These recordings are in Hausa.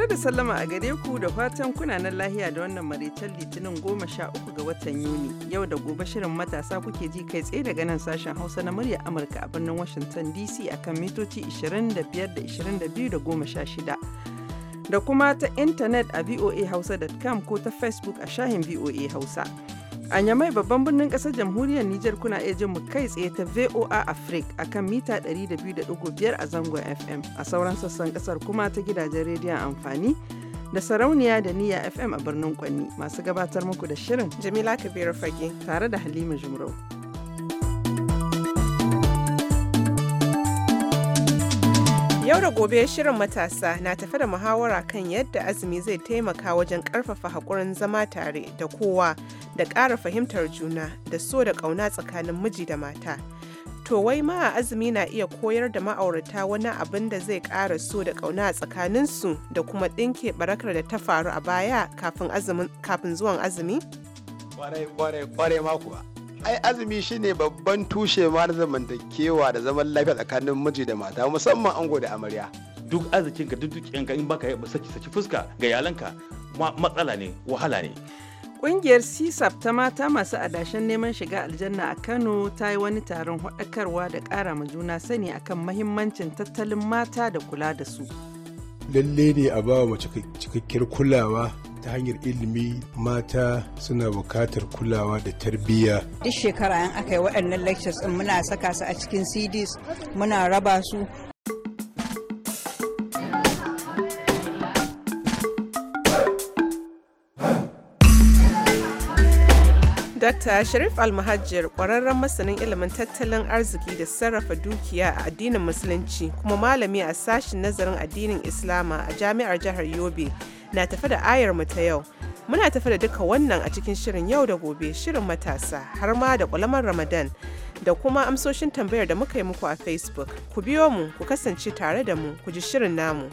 Tare da sallama a gare ku da fatan kuna nan lahiya da wannan maraicen litinin goma sha uku ga watan Yuni. Yau da gobe shirin matasa kuke ji kai tsaye daga nan sashen Hausa na murya Amurka a birnin Washington DC akan mitoci 25 da 22 da goma sha shida. Da kuma ta intanet a voahausa.com ko ta Facebook a shahin VOA Hausa. A Nyamai babban birnin ƙasar jamhuriyar Nijar kuna iya jin mu kai tsaye ta VOA Africa akan mita 200.5 a zango FM a sauran sassan kasar kuma ta gidajen rediyon amfani da sarauniya da niyya FM a birnin Kwanni masu gabatar muku da shirin Jamila Kabiru Fage tare da Halima Jumro. Yau da gobe shirin matasa na tafe da muhawara kan yadda azumi zai taimaka wajen ƙarfafa haƙurin zama tare da kowa da ƙara fahimtar juna da so da ƙauna tsakanin miji da mata. To wai ma azumi na iya koyar da ma'aurata wani abin da zai ƙara so da ƙauna a tsakaninsu da kuma ɗinke barakar da ta faru a baya kafin zuwan azumi? Kware ma kuwa. Ai azumi shi ne babban tushe ma na zamantakewa da zaman lafiya tsakanin miji da mata musamman ango da amarya. Duk arzikinka duk duk in baka saki saki fuska ga yalanka matsala ne wahala ne. Ƙungiyar CSAP ta mata masu adashen neman shiga aljanna a Kano ta yi wani taron haɗakarwa da ƙara ma juna sani akan mahimmancin tattalin mata da kula da su. Lalle ne a ba mace cikakkiyar kulawa ta hanyar ilimi mata suna bukatar kulawa da tarbiyya. Duk shekara an aka yi waɗannan lectures muna saka su a cikin CDs muna raba su Dr. Sharif Almahajir ƙwararren masanin ilimin tattalin arziki da sarrafa dukiya a addinin Musulunci kuma malami a sashen nazarin addinin Islama a Jami'ar Jihar Yobe na tafi da ayar mu ta yau. Muna tafi da duka wannan a cikin shirin yau da gobe shirin matasa har ma da ƙwalamar Ramadan da kuma amsoshin tambayar da muka yi muku a Facebook. Ku biyo mu, ku kasance tare da mu, ku ji shirin namu.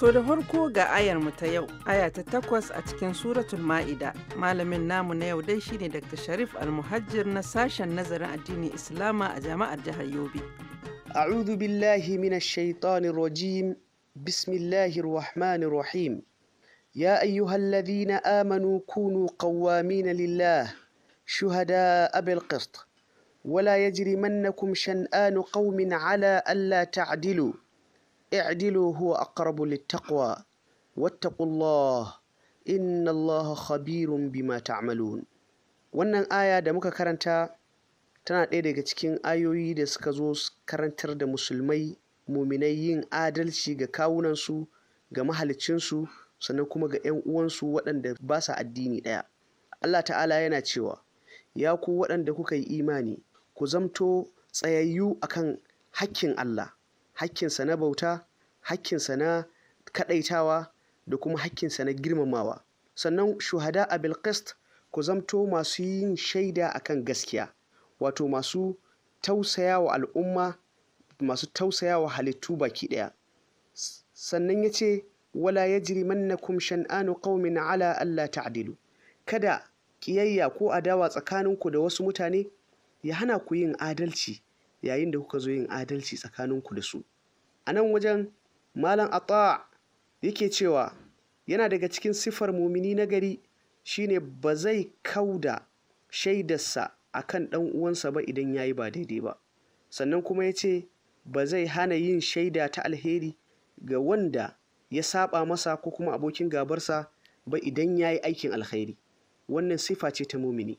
To da farko ga ayar mu ta yau, aya ta takwas a cikin suratul ma'ida. Malamin namu na yau dai shine Dr. Sharif Al-Muhajjir na sashen nazarin addini Islama a jama'ar jihar Yobe. A'udhu billahi minash shaitanir rajim. Bismillahir rahmanir rahim. Ya ayyuhalladhina amanu kunu qawwamin lillah shuhada abil qist. ولا يجرمنكم شنآن قوم على ألا تعدلوا اعدلوا هو أقرب للتقوى واتقوا الله إن الله خبير بما تعملون wannan aya da muka karanta tana ɗaya daga cikin ayoyi da suka zo karantar da musulmai muminai yin adalci ga kawunansu ga mahalicinsu sannan kuma ga 'yan uwansu waɗanda ba sa addini ɗaya allah ta'ala yana cewa ya ku waɗanda kuka yi imani ku zamto tsayayyu akan hakkin allah hakkinsa na bauta hakkinsa na kadaitawa da kuma hakkinsa na girmamawa sannan shuhada a bilkist ku zamto masu yin shaida akan gaskiya wato masu tausaya wa al'umma masu tausaya wa halittu baki ɗaya sannan ya ce wala ya jiri kumshan shan'anu qaumin ala Allah ta'dilu kada ƙiyayya ko adawa tsakaninku da wasu mutane ya hana ku yin adalci yayin da kuka zo yin adalci tsakaninku da su a nan wajen malam ata yake cewa yana daga cikin sifar mumini na gari shine ba zai kauda shaidarsa a kan ɗan uwansa ba idan ya yi ba daidai ba sannan kuma ya ce ba zai hana yin shaida ta alheri ga wanda ya saba masa ko kuma abokin gabarsa ba idan ya yi aikin alheri wannan sifa ce ta mumini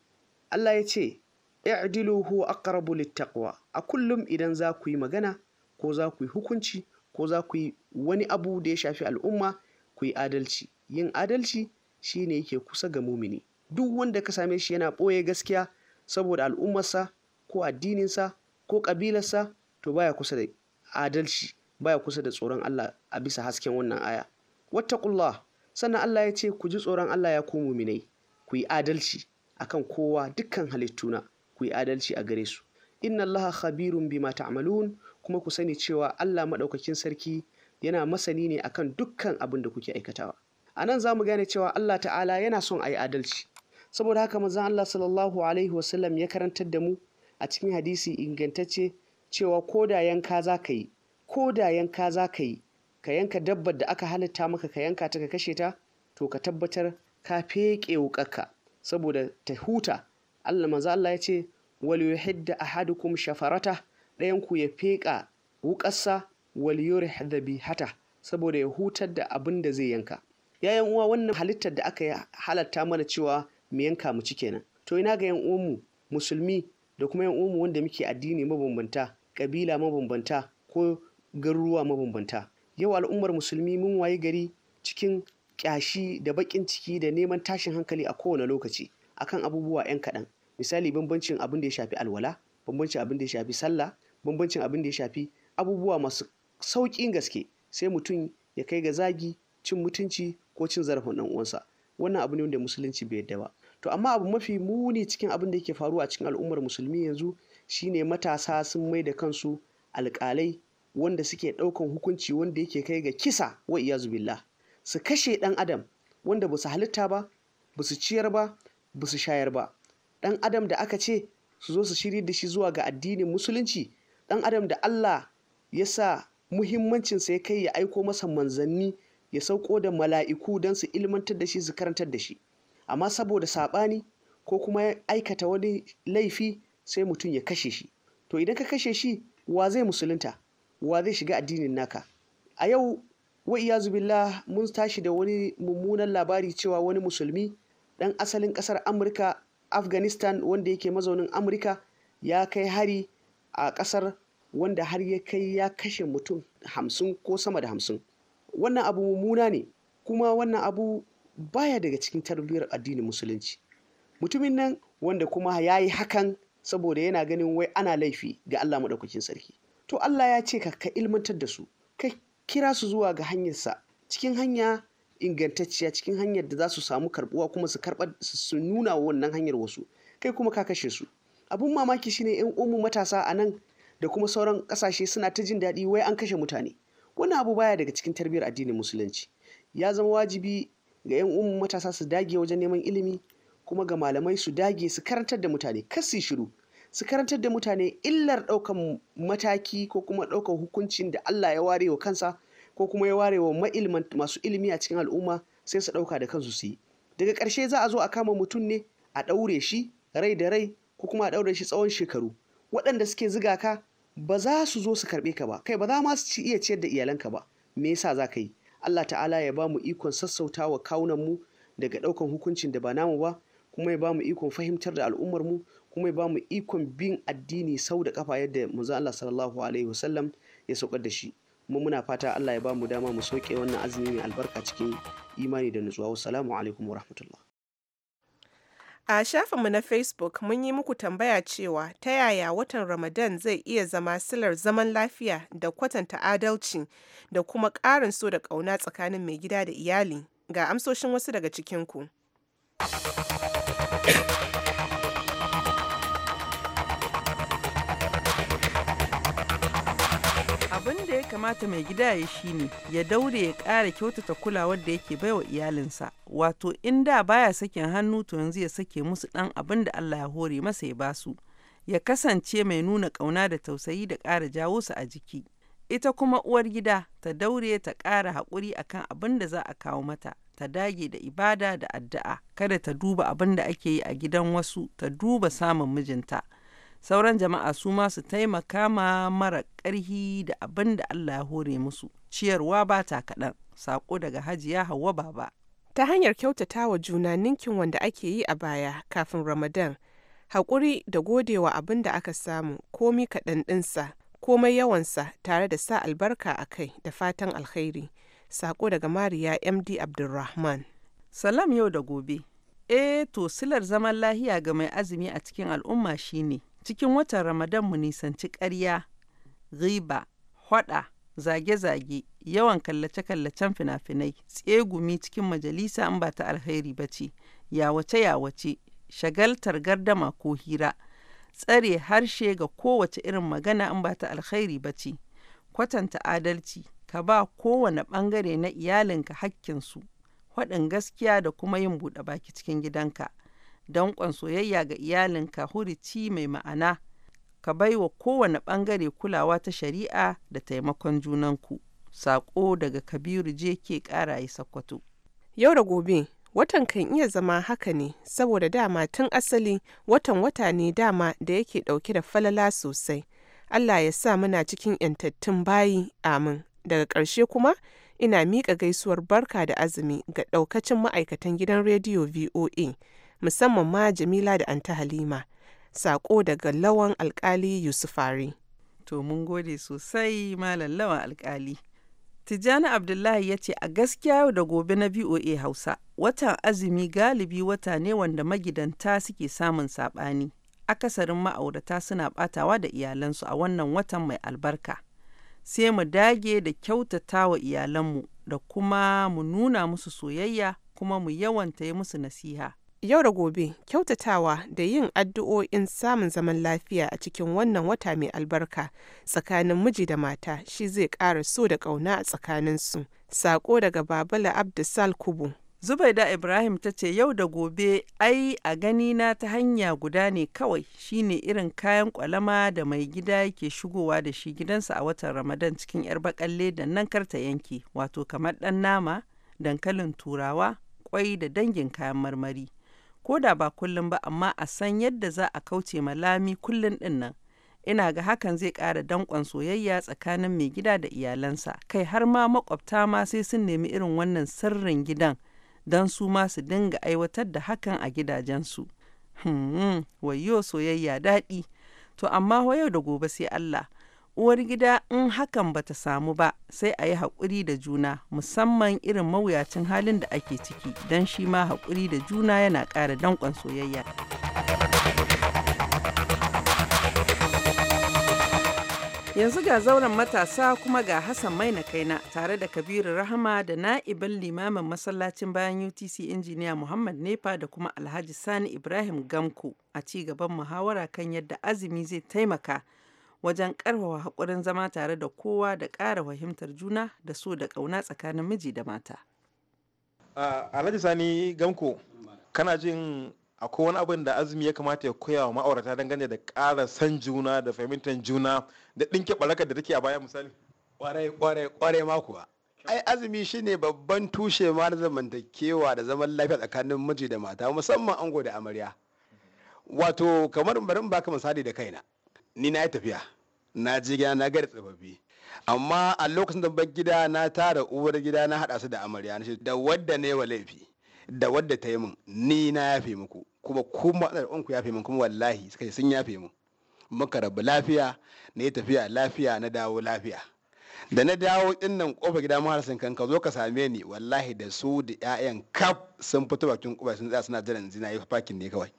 Allah ya ce i'dilu huwa aqrabu littaqwa a kullum idan za ku yi magana ko za ku yi hukunci ko za ku yi wani abu da ya shafi al'umma ku yi adalci yin adalci shi ne yake kusa ga mumini duk wanda ka same shi yana ɓoye gaskiya saboda al'ummarsa ko addininsa ko ƙabilarsa to baya kusa da adalci baya kusa da tsoron Allah a bisa hasken wannan aya wata wattaqullah sannan Allah ya ce ku ji tsoron Allah ya ku muminai ku yi adalci akan kowa dukkan halittuna ku yi adalci a gare su inna Allah khabirun bima ta'malun ta kuma ku sani cewa Allah maɗaukakin sarki yana masani ne akan dukkan abin da kuke aikatawa a nan za mu gane cewa Allah ta'ala yana son a yi adalci saboda haka manzon Allah sallallahu alaihi wasallam ya karantar da mu a cikin hadisi ingantacce cewa ko da yanka za ka yi ko da yanka za ka yi ka yanka dabbar da aka halitta maka ka yanka ta ka kashe ta to ka tabbatar ka feƙe wuƙarka saboda ta huta Allah manzo Allah ya ce wal yuhidda ahadukum shafarata ɗayanku ya feƙa wuƙarsa waliyori hata saboda ya hutar da abin da zai yanka yayan uwa wannan halittar da aka halatta mana cewa mu yanka mu ci kenan to ina ga yan uwanmu musulmi da kuma yan uwanmu wanda muke addini mabambanta kabila mabambanta ko garuruwa mabambanta yau al'ummar musulmi mun waye gari cikin ƙyashi da bakin ciki da neman tashin hankali a kowane lokaci akan abubuwa 'yan kaɗan misali bambancin abin da ya shafi alwala bambancin abin da ya shafi sallah bambancin abin da ya shafi abubuwa masu sauƙin gaske sai mutum ya kai ga zagi cin mutunci ko cin zarafin ɗan uwansa wannan abu ne wanda musulunci bai yadda ba to amma abu mafi muni cikin abin da yake faruwa cikin al'ummar musulmi yanzu shine matasa sun mai da kansu alƙalai wanda suke ɗaukan hukunci wanda yake kai ga kisa wa iyazu billah su kashe ɗan adam wanda ba su halitta ba ba su ciyar ba ba su shayar ba ɗan adam da aka ce su zo su shirya da shi zuwa ga addinin musulunci ɗan adam da Allah ya sa muhimmancinsa ya kai ya aiko masa manzanni ya sauko da mala'iku don su ilmantar da shi su karantar da shi amma saboda saɓani ko kuma ya aikata wani laifi sai mutum ya kashe shi to idan ka kashe shi wa zai musulunta wa zai shiga addinin naka a yau wa iyazu billah mun tashi da wani mummunan labari cewa wani musulmi ɗan asalin ƙasar amurka afghanistan wanda yake mazaunin amurka ya kai hari a ƙasar wanda har ya kai ya kashe mutum hamsin ko sama da hamsin wannan abu mummuna ne kuma wannan abu baya daga cikin tarbiyyar addinin musulunci mutumin nan wanda kuma ya yi hakan saboda yana ganin wai ana laifi ga Allah maɗaukakin sarki to Allah ya ce ka ilmantar da su ka kira su zuwa ga hanyarsa cikin hanya ingantacciya cikin hanyar da za su samu karbuwa kuma su karɓar su nuna wannan hanyar wasu kai kuma ka kashe su abun mamaki shine yan umu matasa a nan da kuma sauran kasashe suna ta jin daɗi wai an kashe mutane wannan abu baya daga cikin tarbiyyar addinin musulunci ya zama wajibi ga yan umu matasa su dage wajen neman ilimi kuma ga malamai su dage su karantar da mutane kar su shiru su karantar da mutane illar ɗaukan mataki ko kuma ɗaukan hukuncin da Allah ya ware wa kansa ko kuma ya ware wa ma'ilman masu ilimi a cikin al'umma sai su ɗauka da kansu su yi daga ƙarshe za a zo a kama mutum ne a ɗaure shi rai da rai ko kuma a ɗaure shi tsawon shekaru waɗanda suke ziga ka ba za su zo su karɓe ka ba kai ba za ma su iya ciyar da ka ba me yasa za ka yi Allah ta'ala ya ba mu ikon sassautawa kawunan mu daga ɗaukan hukuncin da ba namu ba kuma ya ba mu ikon fahimtar da al'ummar mu kuma ya ba mu ikon bin addini sau da kafa yadda manzo Allah sallallahu alaihi wasallam ya saukar da shi kuma muna fata Allah ya ba mu dama mu soke wannan azumi mai albarka cikin imani da nutsuwa wassalamu alaikum wa A shafinmu na Facebook mun yi muku tambaya cewa ta yaya watan Ramadan zai iya zama silar zaman lafiya da kwatanta adalci da kuma ƙarin so da ƙauna tsakanin mai gida da iyali. Ga amsoshin wasu daga cikinku. kamata mai gida ya shi ne ya daure ya ƙara kyautata kulawar da yake baiwa iyalinsa wato in da baya sakin hannu to yanzu ya sake musu ɗan abin da Allah ya hore masa ya basu ya kasance mai nuna ƙauna da tausayi da ƙara jawo su a jiki ita kuma uwar gida ta daure ta ƙara haƙuri akan abin da za a kawo mata ta dage da ibada da addu'a kada ta duba abin da ake yi a gidan wasu ta duba samun mijinta. sauran jama'a su ma su taimaka ma mara ƙarhi da abin da Allah ya hore musu ciyarwa ba ta kaɗan Saƙo daga hajiya hawa baba ta hanyar kyautata wa juna ninkin wanda ake yi a baya kafin ramadan haƙuri da godewa abin da aka samu komi kaɗan ɗinsa komai yawansa tare da sa albarka a kai da fatan alkhairi Saƙo daga mariya md abdulrahman salam yau da gobe E, to silar zaman lahiya ga mai azumi a cikin al'umma shine Cikin watan Ramadan mu nisanci ƙarya, riba, haɗa zage-zage, yawan kallace-kallacen fina-finai, tsegumi cikin majalisa in ba ta alheri ba ce, yawace-yawace, shagaltar gardama ko hira, tsare harshe ga kowace irin magana in ba ta alheri ba ce, kwatanta adalci, ka ba kowane bangare na iyalinka hakkinsu, haɗin gaskiya da kuma yin buɗe baki cikin gidanka. danƙon soyayya ga iyalinka hurici mai ma'ana ka bai wa kowane ɓangare kulawa ta shari'a da taimakon junanku saƙo daga kabiru je ke ƙara yi sakwato yau da gobe watan kan iya zama haka ne saboda dama tun asali watan wata ne dama da yake ɗauke da falala sosai allah ya sa muna cikin yantattun bayi amin daga ƙarshe kuma ina miƙa gaisuwar barka da azumi ga ɗaukacin ma'aikatan gidan rediyo voa musamman ma Jamila da anta Halima. Sako daga Lawan Alkali Yusufari. To mun gode sosai Malam Lawan Alkali. Tijjani Abdullahi ya ce a gaskiya da gobe na VOA Hausa, watan azumi galibi wata ne wanda magidanta suke samun saɓani. Akasarin ma'aurata suna ɓatawa da iyalansu a wannan watan mai albarka. Sai mu dage da kyautata wa iyalanmu da kuma mu nuna musu soyayya kuma mu yawanta yi musu nasiha. Yau da gobe, kyautatawa da yin addu'o'in samun zaman lafiya a cikin wannan wata mai albarka tsakanin miji da mata shi zai ƙara so da ƙauna a tsakaninsu. Sako daga Babala Abdusal Kubu. Zubaida Ibrahim ta ce yau da gobe ai a gani na ta hanya guda ne kawai shine irin kayan kwalama da mai gida yake shigowa da shi gidansa a watan Ramadan cikin 'yar bakalle da nan karta yanki wato kamar ɗan nama, dankalin turawa, kwai da dangin kayan marmari. ko da ba kullum ba amma a san yadda za a kauce ma lami kullum ɗin nan. Ina ga hakan zai ƙara danƙon soyayya tsakanin mai gida da iyalansa, kai har ma makwabta ma sai sun nemi irin wannan sirrin gidan don su ma su dinga aiwatar da hakan a gidajensu. hmmm wayo soyayya daɗi. To amma yau da gobe sai Allah. uwar gida in hakan bata samu ba sai a yi haƙuri da juna musamman irin mawuyacin halin da ake ciki don shi ma haƙuri da juna yana ƙara danƙon soyayya. Yanzu ga zauren matasa kuma ga Hassan Maina kaina tare da Kabiru Rahama da na'ibin limamin masallacin bayan UTC injiniya Muhammad nepa da kuma Alhaji Sani Ibrahim Gamko a ci gaban muhawara kan yadda azumi zai taimaka. wajen ƙarfafa haƙurin zama tare da kowa da ƙara fahimtar juna da so da ƙauna tsakanin miji da mata. Alhaji Sani Gamko, kana jin akwai wani abin da azumi ya kamata ya koya wa ma'aurata dangane da ƙara san juna da fahimtar juna da ɗinke ɓarakar da take a baya misali? Ƙwarai, ƙwarai, ƙwarai ai azumi shine babban tushe ma na zamantakewa da zaman lafiya tsakanin miji da mata musamman ango da amarya wato kamar barin baka misali da kaina ni na yi tafiya na je gida na gari tsofaffi amma a lokacin da gida na tara uwar gida na hada su da amarya na da wadda ne wa laifi da wadda ta yi min ni na yafe muku kuma kuma da ɗanku yafe min kuma wallahi suka yi sun yafe min muka rabu lafiya na yi tafiya lafiya na dawo lafiya da na dawo din nan kofa gida maharasin kan ka zo ka same ni wallahi da su da 'ya'yan kaf sun fito bakin kuma sun tsaya suna jiran zina yi fakin ne kawai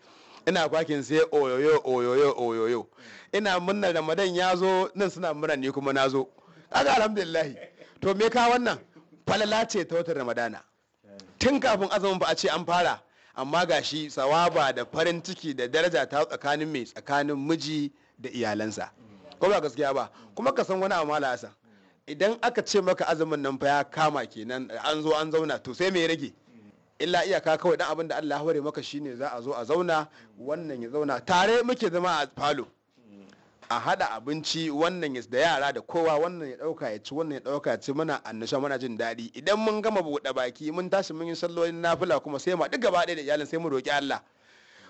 ina kwakin sai oyoyo oyoyo oyoyo ina murna ramadan ya zo nan suna murna ni kuma na zo kaga alhamdulillahi to me ka wannan falala ce ta watan ramadana tun kafin azumin ba a ce an fara amma gashi sawaba da farin ciki da daraja ta tsakanin mai tsakanin miji da iyalansa ko ba gaskiya ba kuma ka san wani amala hasan idan aka ce maka azumin nan fa ya kama kenan an zo an zauna to sai me ya rage illa iyaka kawai dan abin da Allah hore maka shine za a zo a zauna wannan ya zauna tare muke zama a falo a hada abinci wannan ya da yara da kowa wannan ya dauka ya ci wannan ya dauka ya ci muna annasha muna jin daɗi idan mun gama buɗe baki mun tashi mun yi sallolin nafila kuma sai ma duk gaba ɗaya da iyalin sai mu roki Allah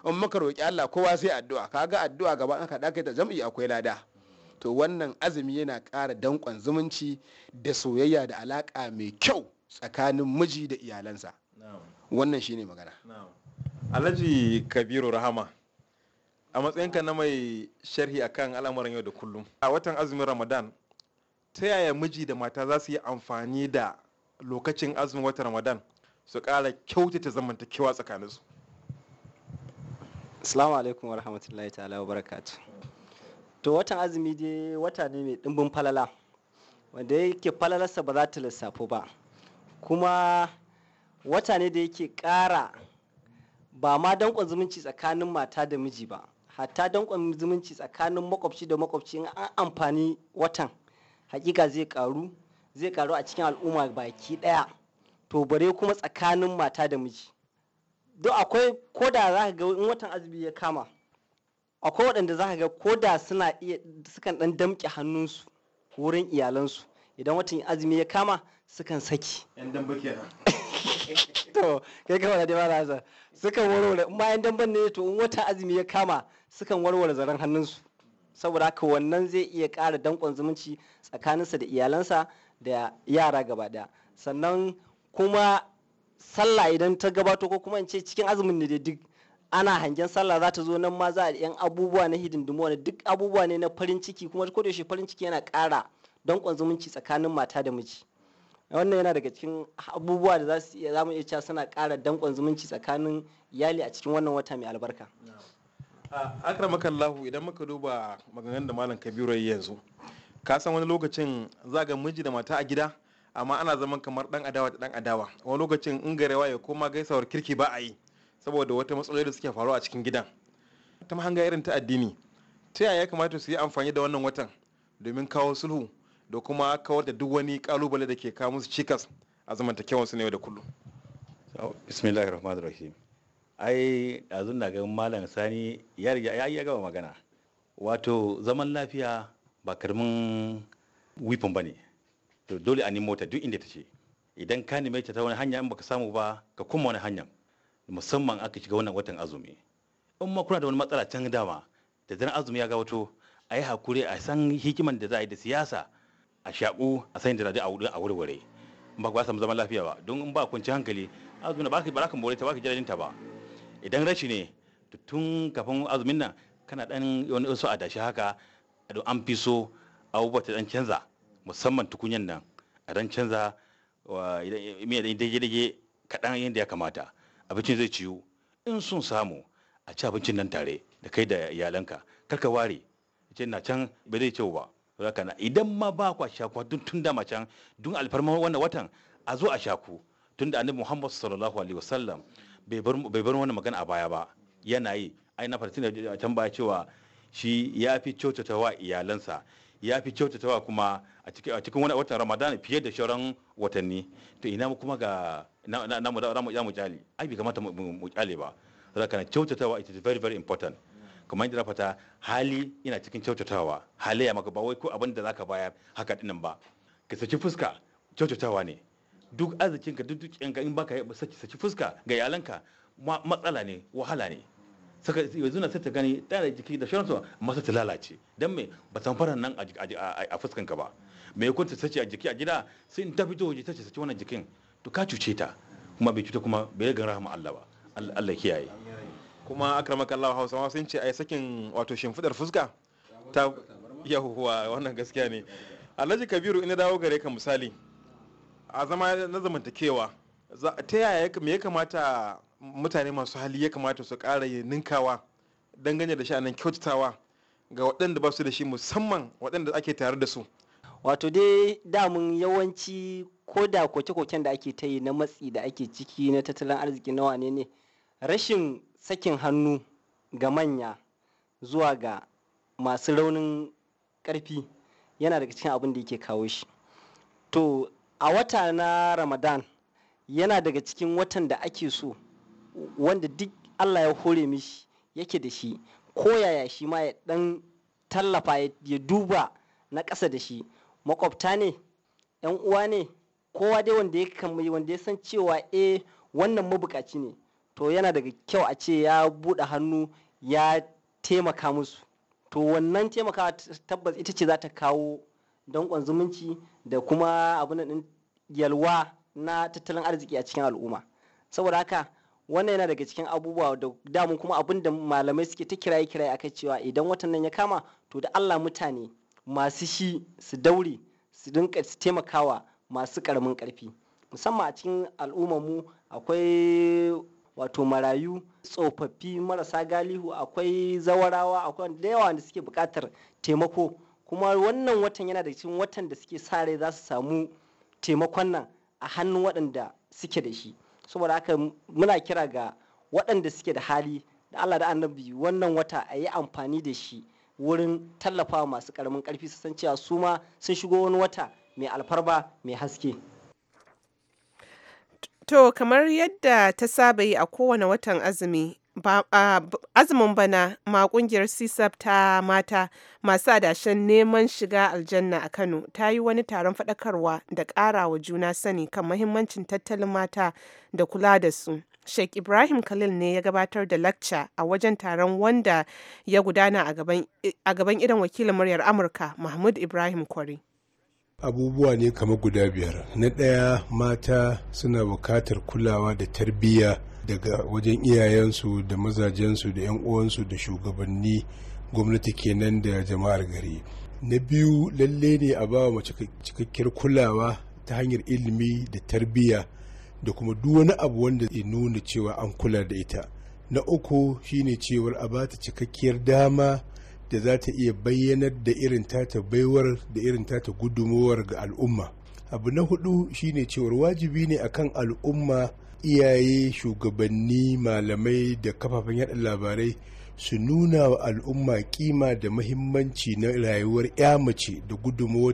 in muka roki Allah kowa sai addu'a kaga addu'a gaba aka ka kai ta jam'i akwai lada to wannan azumi yana ƙara danƙon zumunci da soyayya da alaƙa mai kyau tsakanin miji da iyalansa wannan shi ne magana alhaji kabiru rahama a matsayinka na mai sharhi akan al'amuran yau da kullum a watan azumin ramadan ta yaya miji da mata za su yi amfani da lokacin azumin watan ramadan su kara kyautata zamantakewa tsakaninsu Assalamu alaikum wa rahmatullahi ta'ala wa barakatu. To watan azumi dai wata ne mai dimbin falala wanda yake falalarsa ba za ta lissafo ba. Kuma wata ne da yake ƙara ba ma danƙon zumunci tsakanin mata da miji ba hatta danƙon zumunci tsakanin makwabci da makwabci in an amfani watan hakika zai ƙaru zai ƙaru a cikin al'umma baki ɗaya to bare kuma tsakanin mata da miji don akwai ko da za ka ga in watan azumi ya kama akwai waɗanda za ka ga ko da suna iya sukan ɗan damƙe hannunsu wurin iyalansu idan watan azumi ya kama sukan saki yan damba kenan to kai nasa sukan warware in bayan damban ne to in wata azumi ya kama sukan warware zaren hannunsu saboda haka wannan zai iya kara danƙon zumunci tsakaninsa da iyalansa da yara gaba daya sannan kuma sallah idan ta gabato ko kuma in ce cikin azumin ne da duk ana hangen sallah za ta zo nan ma za a yan abubuwa na hidindimu wani duk abubuwa ne na farin ciki kuma ko da farin ciki yana kara danƙon zumunci tsakanin mata da miji wannan yana daga cikin abubuwa da za mu iya cewa suna kara danƙon zumunci tsakanin iyali a cikin wannan wata mai albarka akramaka lahu idan muka duba maganganun da malam Kabiru yanzu ka san wani lokacin za ga miji da mata a gida amma ana zaman kamar dan adawa da dan adawa wani lokacin in garewa ya koma gaisawar kirki ba a yi saboda wata matsaloli da suke faruwa a cikin gidan ta mahanga irin ta addini ta yaya kamata su yi amfani da wannan watan domin kawo sulhu da kuma kawar da duk wani kalubale da ke kawo musu cikas a zamantakewar su ne da kullum bismillahir rahim ai yanzu na ga malam sani ya ya yi gaba magana wato zaman lafiya ba karamin wifin ne to dole a nemo ta duk inda ta ce idan ka ne ta ta wani hanya in baka samu ba ka kuma wani hanya musamman aka shiga wannan watan azumi in ma kuna da wani matsala can dama da zan azumi ya ga wato a yi hakuri a san hikiman da za a yi da siyasa a shaƙu a sayin da a a warware ba ku samu zaman lafiya ba don ba kunci hankali azumin ba ba ka ta ba ka ta ba idan rashi ne tun kafin azumin nan kana dan wani wasu dashi haka don an fi so abubuwa ta dan canza musamman tukunyan nan a dan canza da dage-dage kaɗan yadda ya kamata abincin zai ciyu in sun samu a ci abincin nan tare da kai da iyalanka karka ware ce na can bai zai ciwo ba haka na idan ma ba a shaku tun tun dama can dun alfarma wannan watan a zo a shaku tun da annabi Muhammad sallallahu alaihi wasallam bai bar wani magana a baya ba yana yi ai na fartina da can baya cewa shi ya fi kyautata wa iyalansa ya fi kyautata wa kuma a cikin wani watan Ramadan fiye da shauran watanni to ina kuma ga na mu da mu jali ai bai kamata mu kyale ba haka na wa it is very very important kamar yadda na fata hali ina cikin kyautatawa halayya maka ba wai ko abin da zaka baya haka dinnan ba ka saki fuska kyautatawa ne duk ka duk dukiyanka in baka saki saki fuska ga ka matsala ne wahala ne saka yanzu na sai ta gani tana jiki da shirin masa ta lalace dan me ba san faran nan a fuskan ka ba me ya ta sace a jiki a gida sai in ta fito waje ta ce sace wannan jikin to ka cuce ta kuma bai cuta kuma bai ga rahama Allah ba Allah kiyaye kuma akramaka Allah ma sun ce a yi sakin wato shimfidar fuska ta yahuwa wannan gaskiya ne Alhaji Kabiru ina dawo gare ka misali a zama na zamantakewa ta yaya me ya kamata mutane masu hali ya kamata su ƙara ninkawa dangane da sha'anin kyautatawa ga waɗanda ba su da shi musamman waɗanda ake tare da su wato dai damun yawanci ko da koke-koken da ake ta yi na matsi da ake ciki na tattalin arziki na wane ne rashin sakin hannu ga manya zuwa ga masu raunin karfi yana daga cikin abin da yake kawo shi to a wata na ramadan yana daga cikin watan da ake so wanda duk allah ya hore mishi yake da shi ko yaya shi ma ya dan tallafa ya duba na ƙasa da shi makwabta ne uwa ne kowa dai wanda ya wanda ya san cewa eh wannan mabukaci ne to yana daga kyau a ce ya buɗe hannu ya taimaka musu to wannan taimakawa tabbas ita ce za ta kawo danƙon zumunci da kuma abin yalwa na tattalin arziki a cikin al'umma saboda haka wannan yana daga cikin abubuwa da damun kuma abin da malamai suke ta kiraye kiraye akai cewa idan watan nan ya kama to da Allah mutane masu shi su daure su dinka su taimakawa masu karamin karfi musamman a cikin al'ummar mu akwai wato marayu tsofaffi marasa galihu akwai zawarawa akwai da yawa da suke buƙatar taimako kuma wannan watan yana da cikin watan da suke sa rai za su samu taimakon nan a hannun waɗanda suke da shi saboda haka muna kira ga waɗanda suke da hali da Allah da annabi wannan wata a yi amfani da shi wurin tallafawa masu ƙaramin ƙarfi su san cewa su ma sun shigo wani wata mai alfarba mai haske. To kamar yadda ta saba yi a kowane watan azumi, azumin bana ma kungiyar CSAP ta mata masu adashen neman shiga aljanna a Kano ta yi wani taron faɗakarwa da ƙarawa juna sani kan mahimmancin tattalin mata da kula da su. Sheikh Ibrahim Khalil ne ya gabatar da lacca a wajen taron wanda ya gudana a gaban irin wakilin muryar Amurka Mahmud Ibrahim Kwari. abubuwa ne kamar guda biyar na ɗaya mata suna bukatar kulawa da tarbiyya daga wajen iyayensu da mazajensu da 'yan uwansu da shugabanni gwamnati kenan da jama'ar gari na biyu lalle ne a ba mace cikakkiyar kulawa ta hanyar ilimi da tarbiyya da kuma duk wani abu wanda ya nuna cewa an kula da ita na uku shine cewar a bata cikakkiyar dama da za ta iya bayyanar da irin tata baiwar da irin tata gudumawar ga al'umma abu na hudu shine cewar wajibi ne akan al'umma iyaye shugabanni malamai da kafafen yada labarai su nuna wa al'umma kima da mahimmanci na rayuwar ya mace da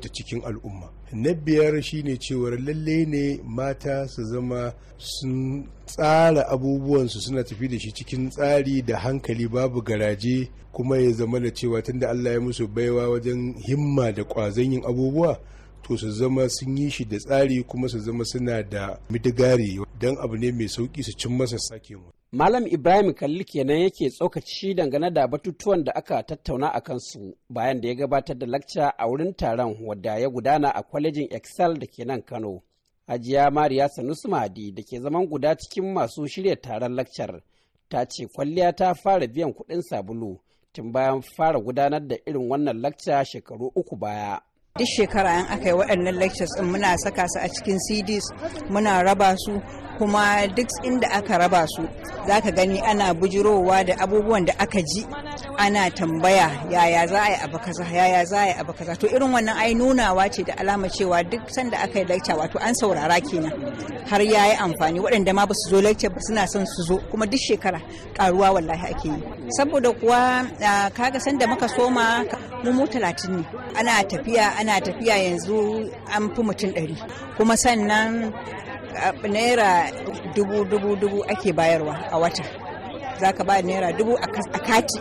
ta cikin al'umma na biyar shine cewar lalle ne mata su zama sun tsara abubuwansu suna tafi da shi cikin tsari da hankali babu garaje kuma ya zama da cewa tunda allah ya musu baiwa wajen himma da kwazon yin abubuwa to su zama sun yi shi da tsari kuma su zama suna da midigari don abu ne mai sauki su cin masa sake mu Malam Ibrahim Kalli kenan yake tsokaci dangane da batutuwan da aka tattauna a kansu bayan da ya gabatar da lakca a wurin taron wadda ya gudana a kwalejin Excel da ke nan Kano. Hajiya Mariya Sanusi Mahadi da ke zaman guda cikin masu shirya taron lakcar ta ce kwalliya ta fara biyan kuɗin sabulu tun bayan fara gudanar da irin wannan lakca shekaru uku baya. duk shekara 'yan aka yi waɗannan lectures ɗin muna saka su a cikin cds muna raba su kuma duk inda aka raba su za ka gani ana bujirowa da abubuwan da aka ji ana tambaya yaya za a yi abu kaza yaya za a yi abu kaza to irin wannan ai nunawa ce da alama cewa duk sanda aka yi lecture wato an saurara kenan har ya yi amfani waɗanda ma ba su zo lecture ba suna son su zo kuma duk shekara karuwa wallahi ake yi saboda kuwa kaga sanda muka soma mu mu talatin ne ana tafiya ana tafiya yanzu an fi mutum ɗari kuma sannan naira dubu dubu dubu ake bayarwa a wata za ka ba naira dubu a kati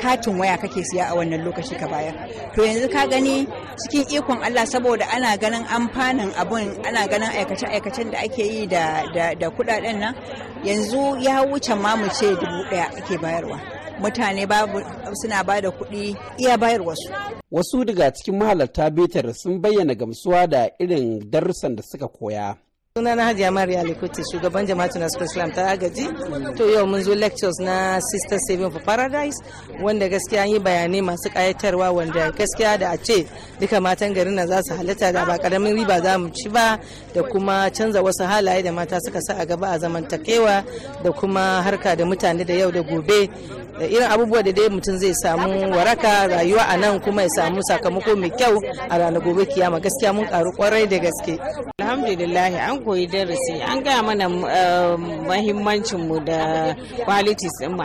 katin waya kake siya a wannan lokaci ka bayar to yanzu ka gani cikin ikon Allah saboda ana ganin amfanin abun ana ganin aikace-aikacen da ake yi da kudaden nan yanzu ya wuce mu ce dubu daya ake bayarwa mutane babu suna ba da kuɗi iya su. wasu daga cikin mahalarta bitar sun bayyana gamsuwa da irin darussan da suka koya suna na hajiya mariya likuti shugaban jama'atun nasu islam ta agaji to yau mun zo lectures na sister saving for paradise wanda gaskiya an yi bayanai masu kayatarwa wanda gaskiya da a ce duka matan garin na za su halatta da ba karamin riba za mu ci ba da kuma canza wasu halaye da mata suka sa a gaba a zamantakewa da kuma harka da mutane da yau da gobe da irin abubuwa da dai mutum zai samu waraka rayuwa a nan kuma ya samu sakamako mai kyau a ranar gobe kiyama gaskiya mun karu kwarai da gaske alhamdulillah an koyi darasi an gaya mana eh, mahimmancin mu da qualities din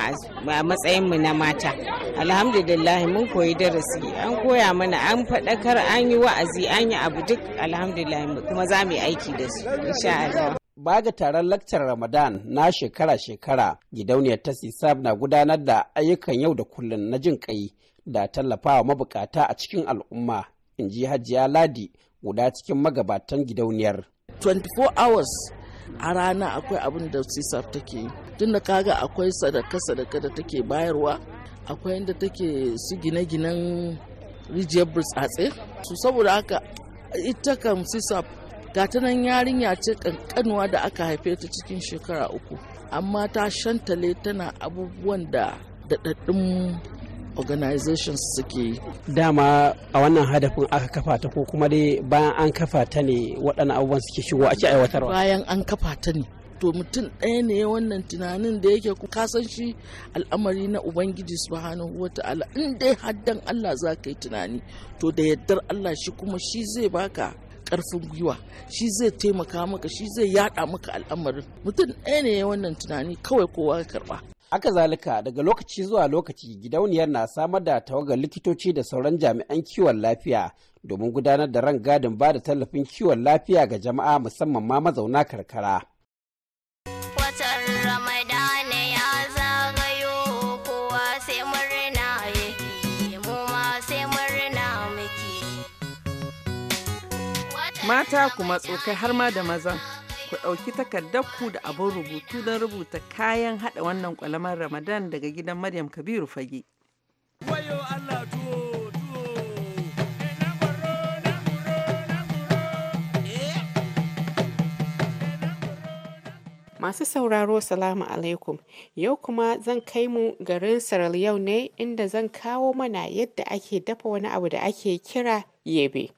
a matsayin mu na mata alhamdulillah mun koyi darasi an koya mana an faɗakar an yi wa'azi an yi abu duk alhamdulillah kuma za mu yi aiki da su insha Allah baga taron lakcar ramadan na shekara-shekara gidauniyar Tasi Sab na gudanar da ayyukan yau da kullum na jin kai da tallafawa mabukata a cikin al'umma in ji hajiya ladi guda cikin magabatan gidauniyar 24 hours a rana akwai abin da sisaf take yi tun da kaga akwai sadaka sadaka da take bayarwa akwai inda take su gine-ginen rijiyar burtsatse su saboda haka ita kan sisaf gata nan yarinya ce kankanuwa da aka haife ta cikin shekara uku amma ta shantale tana abubuwan da daɗaɗɗun organizations suke dama a wannan hadafin aka kafa ta ko kuma dai bayan an kafa ta ne waɗannan abubuwan suke shigo ake aiwatarwa bayan an kafa ta ne to mutum ɗaya ne wannan tunanin da yake ka san shi al'amari na ubangiji subhanahu wata'ala in dai haddan Allah za ka yi tunani to da yardar Allah shi kuma shi zai baka karfin gwiwa shi zai taimaka maka shi zai yada maka al'amarin mutum ɗaya ne wannan tunani kawai kowa ka karba Aka zalika daga lokaci zuwa lokaci gidauniyar na samar da tawagar likitoci da sauran jami'an kiwon lafiya domin gudanar da rangadin ba da tallafin kiwon lafiya ga jama'a musamman ma mazauna karkara. Mata kuma tsokai har ma da maza. ku ɗauki takardar ku da abin rubutu don rubuta kayan haɗa wannan kwalamar Ramadan daga gidan Maryam Kabiru Fage. Masu sauraro salamu alaikum yau kuma zan kai mu garin saral yau ne inda zan kawo mana yadda ake dafa wani abu da ake kira yebe.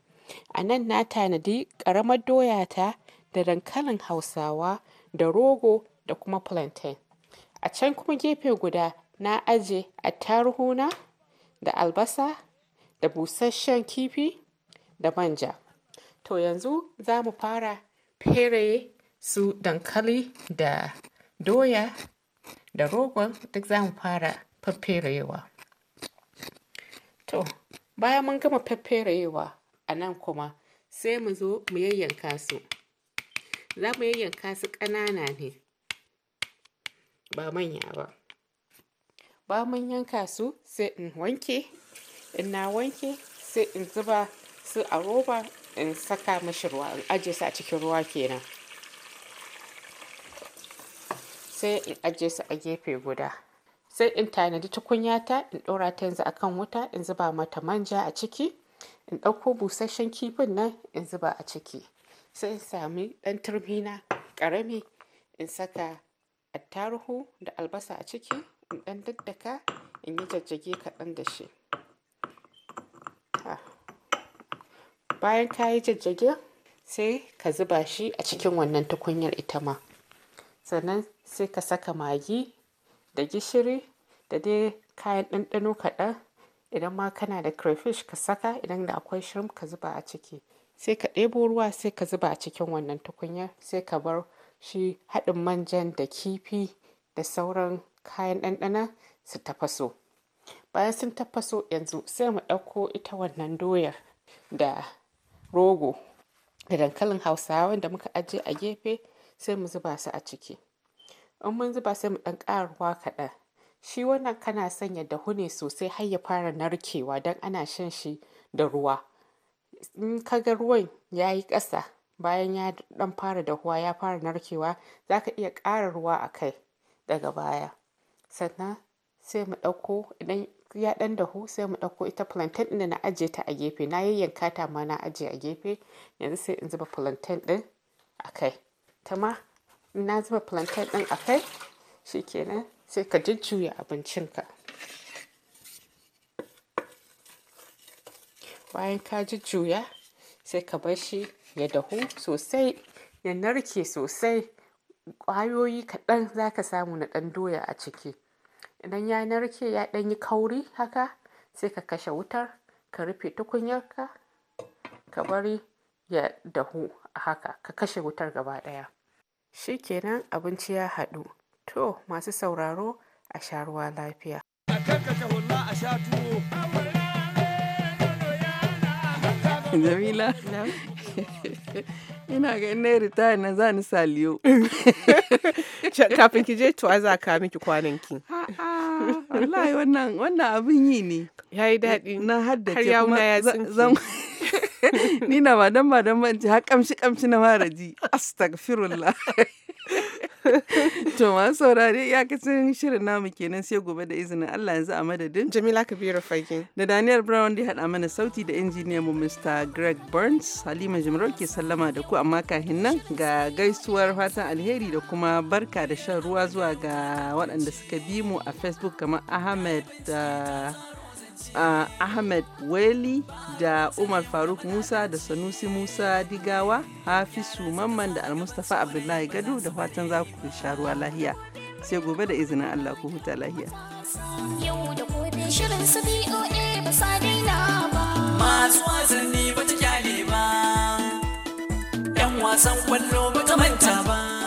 A nan na tanadi ƙaramar doya ta da dankalin hausawa da rogo da kuma plantain a can kuma gefe guda na aje attaruhuna da albasa da busasshen kifi da manja to yanzu za mu fara fere su dankali da doya da rogon duk za mu fara fafferewa to bayan mun gama fafferewa a nan kuma sai mu zo mu yayyanka su za mu yayyanka su ƙanana ne ba manya ba ba mun yanka su sai in wanke in na wanke sai in zuba su a roba in saka mashi ruwa in aje su a cikin ruwa kenan sai in aje su a gefe guda sai in tanadi tukunya ta in ɗora ta yanzu akan wuta in zuba mata manja a ciki in ɗauko busasshen kifin nan in zuba a ciki sai sami ɗan turmina ƙarami in saka attaruhu da albasa a ciki in dan daddaka in yi jajjage kaɗan da shi ah. bayan ka yi jajjage sai ka zuba shi a cikin wannan tukunyar ita ma sannan sai ka saka magi da gishiri da dai kayan ɗanɗano kaɗan idan ma kana da crayfish ka saka idan da akwai shrimp ka zuba a ciki sai ka ɗebo ruwa sai ka zuba a cikin wannan tukunya, sai ka bar shi haɗin manjan da kifi da sauran kayan ɗanɗana su tafaso bayan sun tafaso yanzu sai mu ɗauko ita wannan doyar da rogo da dankalin hausawa wanda muka ajiye a gefe sai mu zuba su a ciki in mun zuba sai mu ɗan ƙara ruwa kaɗan shi wannan kana sanya dahu ne sosai har ya fara narkewa don ana shan shi da ruwa in ka ruwan ya yi ƙasa bayan ya ɗan fara dahuwa ya fara narkewa za ka iya ƙara ruwa a kai daga baya sannan sai mu ɗauko idan ya ɗan dahu sai mu ɗauko ita plantain ɗin da na ajiye ta a gefe na yayyanka ta ma na ajiye a gefe yanzu sai in zuba plantain ɗin a kai ta ma na zuba plantain ɗin a kai shikenan sai ka jujjuya abincinka bayan ka ji juya, sai ka bar shi ya dahu sosai ya narke sosai ƙwayoyi kaɗan za ka samu na ɗan doya a ciki idan ya narke ya ɗan yi kauri haka sai ka kashe wutar ka rufe tukunyarka ka bari ya dahu a haka ka kashe wutar gaba ɗaya Shi kenan abinci ya haɗu to masu sauraro a sha lafiya a sha Jamila. Ina ga ina ritaya na za ni saliyo. Kafin ki je tuwa za ka miki kwanan ki. Wallahi wannan wannan abin yi ne. Yayi daɗi. Na haddace kuma zan ni na madan madan ban ci har kamshi kamshi na mara ji. Astagfirullah. to masu saurare iyakacin shirin namu kenan sai gobe da izinin Allah yanzu a madadin. Jamila Kabiru Fagin. Da Daniel Brown da ya haɗa mana sauti da injiniyan mu Mr. Greg Burns Halima Jimarau ke sallama da ku amma kahin nan ga gaisuwar fatan alheri da kuma barka da shan ruwa zuwa ga waɗanda suka bi mu a Facebook kamar Ahmed da uh, Ahmed Weli da Umar Faruk Musa da Sanusi Musa Digawa, Hafisu Mamman da Almustafa Abdullahi Gado da fatan za ku sha ruwa lahiya. Sai gobe da izinin Allah ku huta lahiya. Yau da gobe shirin su ba sa ba. Masu wasanni ba ta kyale ba, 'yan wasan kwallo ba ta manta ba.